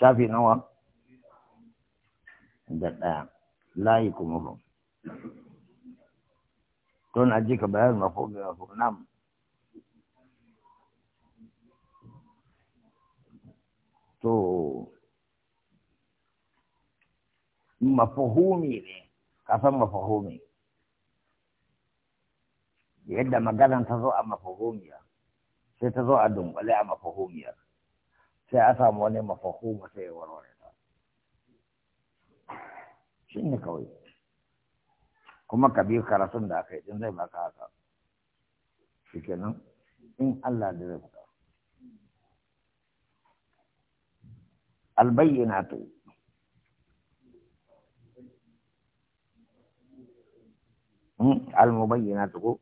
shafi nawa da ɗaya layi kuma hu to na ji ka bayar mafo mai mafo nam to mafahumi ne kasan mafahumi yadda maganan ta zo a mafahumiya sai ta zo a dunkule a mafahumiyar sai a samu wani mafaho sai yi warware ta shi ne kawai kuma ka biyu karatun da aka yi din zai maka haka shi kenan in Allah da zai fita hmm? almubayyana almubayyinatu ko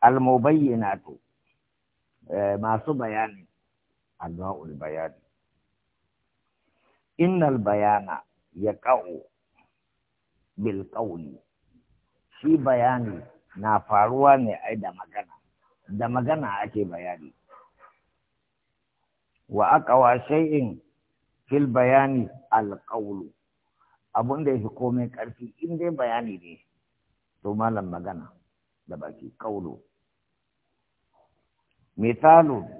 almubayyinatu eh, masu bayani anwa'ul bayan innal bayana yaqa'u bil qawli shi bayani na faruwa ne ai da magana da magana ake bayani wa aqwa shay'in fil bayani al qawlu abun da yake komai ƙarfi, in dai bayani ne to malam magana da baki qawlu misalu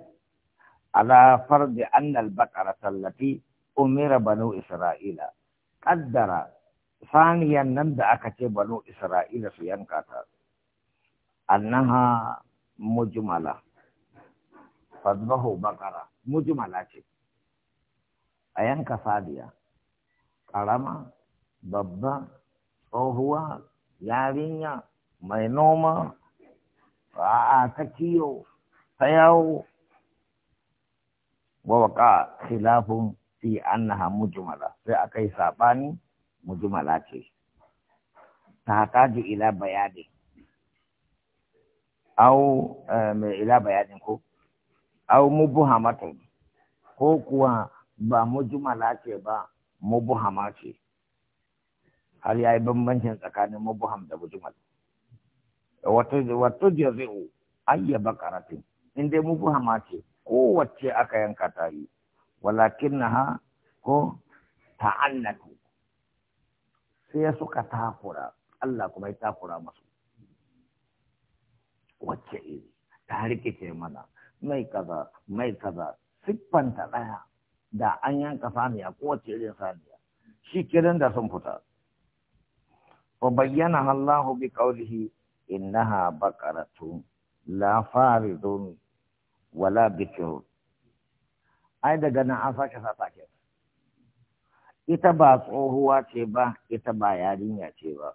على فرض أن البقرة التي أمر بنو إسرائيل قدر ثانيا نمد أكتي بنو إسرائيل في سينكتا أنها مجملة فضبه بقرة مجملة أينك ثانية ƙarama babba tsohuwa yarinya مينوما noma a wa waka khilafun fi annaha mujmala sai akai sabani mujmala ce tahtaju ila bayani au eh, mai ila bayanin ko au mubhamatin ko kuwa ba mujmala ce ba mubhama ce har yayi bambancin tsakanin mubham da mujmal wato wato jazu ayya bakaratin inde dai mubhama ce kowace aka yanka ta yi walakin na ha ko ta'annatu sai suka takura Allah kuma ya takura masu wacce iri ta rikice mana mai kaza mai kaza siffanta ɗaya da an yanka saniya kowace irin saniya shi kiran da sun fita wa bayyana Allah bi qawlihi innaha baqaratun la faridun wala bikiru ai daga nan an sake sa take ita ba tsohuwa ce ba ita ba yarinya ce ba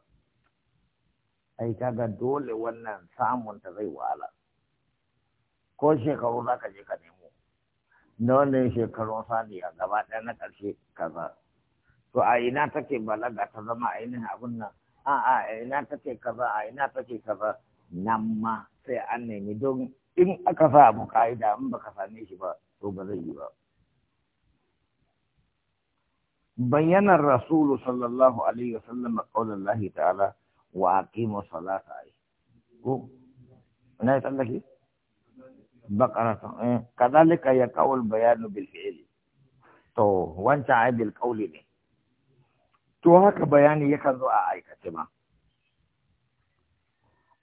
ai kaga dole wannan samun ta zai wahala ko shekaru za ka je ka nemo na wannan shekarun saniya gaba ɗaya na ƙarshe kaza to a ina take balaga ta zama ainihin abin nan a a ina take kaza a ina take kaza nan ma sai an nemi don in aka sa abu ka'ida in baka same shi ba to ba zai yi ba bayyanar rasulu sallallahu alaihi wa sallam qaulan lahi ta'ala wa aqimu salata ai ko na tsallake baqara eh, kadalika ya qaul bayanu bil fi'l to wancan ai bil qauli ne to haka bayani yakan zo a aikace ma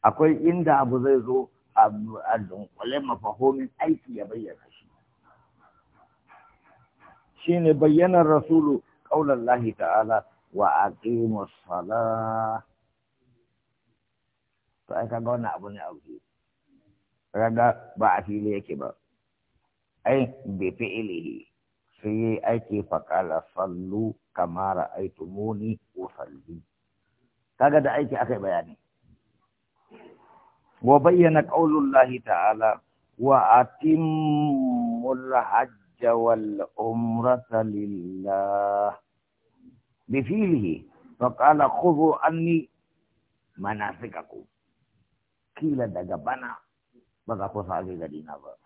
akwai inda abu zai zo a dunkule mafahomin aiki ya bayyana shi shi ne bayyanar rasulu ƙaunar lahi ta'ala wa a sala to ai ga wani abu ne a wuce raga ba a fili yake ba ai bi fi'ilihi sai yi aiki faƙala sallu kamar aitumuni usalli kaga da aiki aka yi bayani wa قول الله تعالى وأتموا الحج والعمرة لله بفعله فقال خذوا عني مناسككم kila daga bana ba za ku ga gari na ba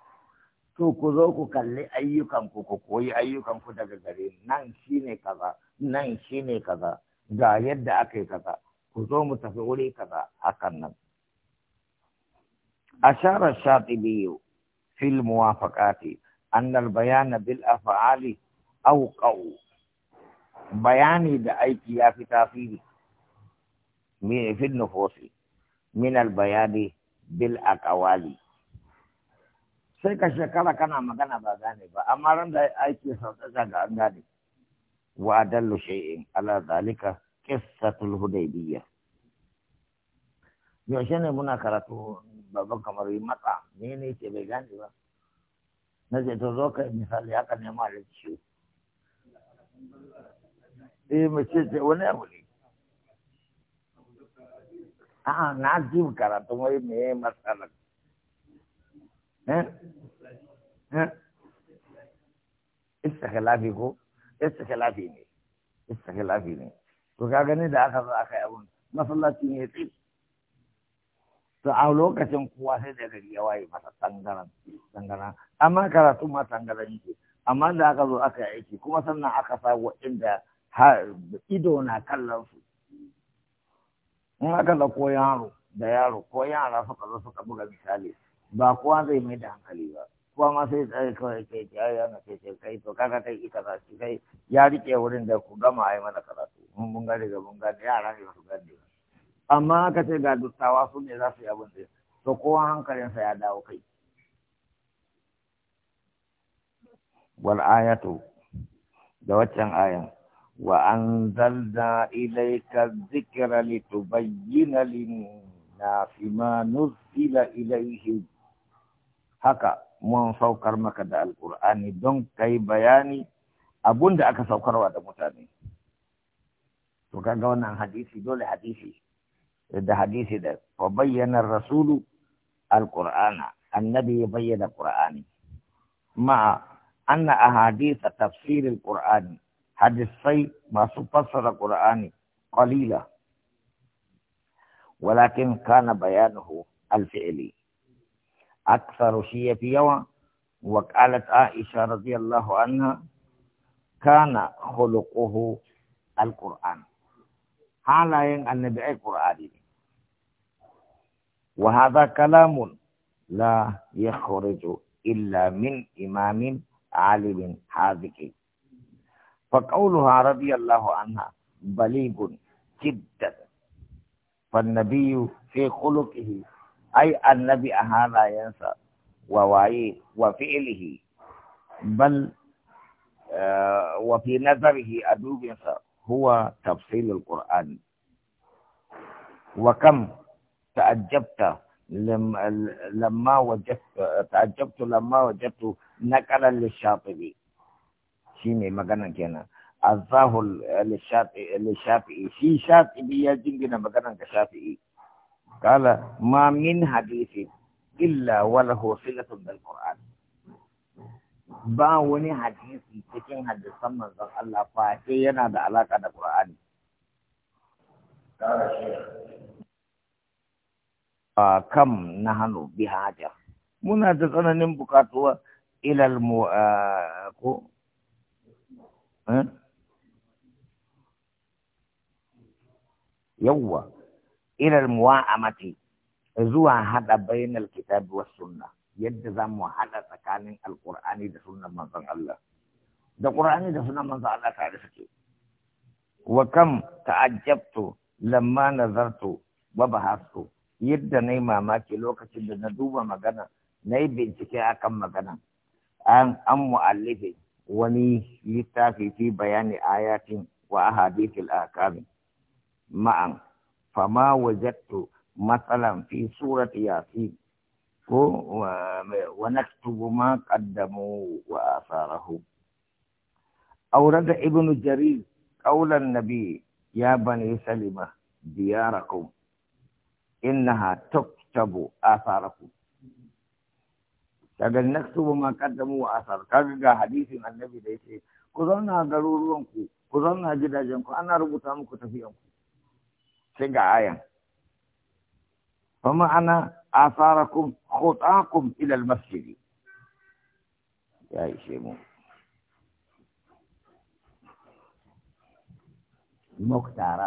to ku zo ku kalli ayyukan ku ku koyi ayyukan ku daga gare nan shine kaza nan shine kaza ga yadda aka yi kaza ku zo mu tafi wuri kaza hakan nan أشار الشاطبي في الموافقات أن البيان بالأفعال أوقع بياني بأيكي في تافيري في النفوس من البيان بالأقوال sai ka shekara kana magana ba gane ba amma ran da aiki sauƙaƙa ga an gane wa adallu shay'in ala zalika qissatul hudaybiyya yaushe ne muna karatu baban kamar yi matsa ne ne ce bai gane ba na ce to zo kai misali haka ne ma da ciwo eh mace ce wani abu ne a'a na ji karatu wai me matsalar eh eh istikhlafi ko istikhlafi ne istikhlafi ne to ka gani da aka zo aka yi abun masallaci ne tsaye to a lokacin kowa sai da gari ya waye masa tangaran tangaran amma karatu ma tangaran yake amma da aka zo aka yi aiki kuma sannan aka sa inda ido na kallon su in aka da ko yaro da yaro ko yara suka zo suka buga misali ba kowa zai mai da hankali ba kowa ma sai tsaye kawai ke ya yana ke kai to kaga kai ita za su kai ya rike wurin da ku gama yi mana karatu mun gane ga mun gane yara ne su gane amma ka ce ga dustawa su ne za su yi abin da to kowa hankalinsa ya dawo kai wal ayatu da waccan ayan wa anzalna ilayka dhikra litubayyana lin-nasi ma nuzila ilayhim haka mun saukar maka da alqur'ani don kai bayani abunda aka saukarwa da mutane to kaga wannan hadisi dole hadisi ده حديث ده وبين الرسول القرآن النبي بين القرآن مع أن أحاديث تفسير القرآن حديث حديثي ما فسر القرآن قليلة ولكن كان بيانه الفعلي أكثر شيء في يوم وقالت عائشة رضي الله عنها كان خلقه القرآن halayen annabi ai qur'ani ne wa hadha kalamun la yakhruju illa min imamin alimin hadiki fa qawluha radiyallahu anha balighun jiddan فالنبي في خلقه أي النبي أهانا ينسى ووعيه وفعله بل آه وفي نظره أدوب ينسى هو تفصيل القرآن وكم تعجبت لما وجدت تعجبت لما وجدت نقلا للشاطبي شيني مغنى الظاهر للشاطبي للشافعي شي شاطبي يا ما كان كشافعي قال ما من حديث إلا وله صلة بالقرآن ba wani hadisi cikin hadisan manzon Allah fa sai yana da alaka da Qur'ani a kam na hano bi haja muna da tsananin bukatuwa ilal mu ko eh? yawwa ilal muwa'amati zuwa hada bainal kitabi was sunna yadda zamu hada tsakanin alkur'ani da sunan manzon Allah da qur'ani da sunan manzon Allah tare suke wa kam ta'ajjabtu lamma nazartu wa bahastu yadda nayi mamaki lokacin da na duba magana nayi bincike akan magana an an mu'allifi wani littafi fi bayani ayatin wa ahadithil akami ma'an fama wajadtu matsalan fi surati yasin ko wa naktubu ma qaddamu wa asarahu aurada ibnu jarir qaulan nabi ya bani salima diyarakum innaha tuktabu asarakum daga naktubu ma qaddamu wa asar kaga ga hadisin annabi da yake ku zauna garuruwan ku ku zauna gidajen ku ana rubuta muku tafiyan ku sai ga ayan fa ma'ana آثاركم خطاكم إلى المسجد يا مختارة